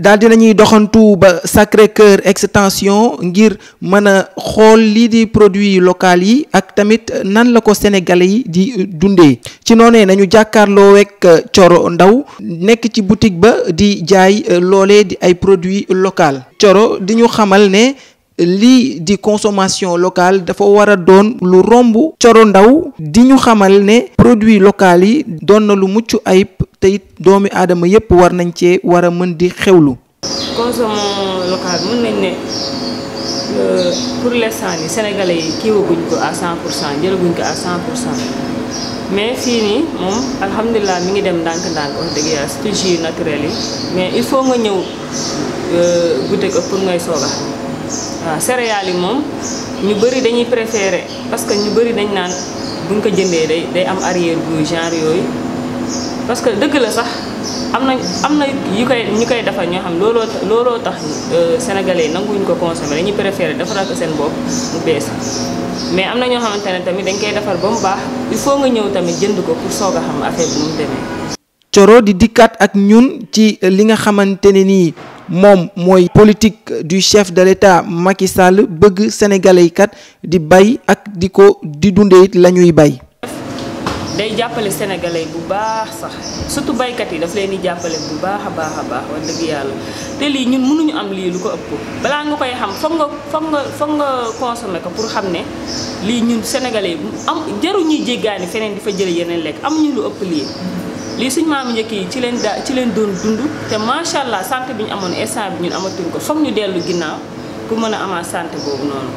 daal di nañuy doxantu ba Sacré Cœur extension ngir mën a xool lii di produit local yi ak tamit nan la ko Sénégalais yi di dundee ci noonee nañu jàkkaarloo ak Coro euh, Ndaw nekk ci boutique ba di jaay euh, loole di ay produits local Coro di ñu xamal ne lii di consommation locale dafa war a doon lu romb Coro Ndaw di ñu xamal ne produits locaux yi doon na lu mucc ayib te it doomi aadama yépp war nañ cee war a mën di xewlu. consommation locale mën nañ ne euh, pour l'instant ni sénégalais yi kiiwaguñ ko à 100 pour cent jëlaguñ ko à 100 pour cent mais fii nii moom alhamdulilah mi ngi dem ndànk-ndànk wax dëgg yàlla surtout naturel yi mais il faut nga ñëw euh, goûté ko pour ngay soog a waaw céréales yi moom ñu bëri dañuy préféré parce que ñu bëri dañ naan buñ ko jëndee day day am arrière goût genre yooyu. parce que dëgg la sax am na am koy ñu koy defar ñoo xam looloo looloo tax euh, sénégalais yi nanguwuñ ko consommer dañuy préférer defaral ko seen bopp mu bees mais am na ñoo xamante tamit dañ koy defar ba mu baax il faut nga ñëw tamit jënd ko pour soog a xam affaire bi nu mu demee. Coro di dikkaat ak ñun ci li nga xamante ne nii moom mooy politique du chef de l'État Macky Sall bëgg sénégalais di bay ak di ko di dundee it la ñuy bay. day jàppale sénégalais bu baax sax surtout baykat yi daf leen di jàppale bu baax a baax a baax wax dëgg yàlla te lii ñun mënuñu am lii lu ko ëpp balaa nga koy xam foog nga foog nga foog nga consommé ko pour xam ne lii ñun sénégalais am jaru ñuy jéggaani feneen di fa jële yeneen lekk amuñu lu ëpp lii lii suñ maam njëkk yi ci leen da ci leen doon dund te macha allah santé bi ñu amoon instant bi ñun amatuñ ko foog ñu dellu ginnaaw pour mën a amaat santé boobu noonu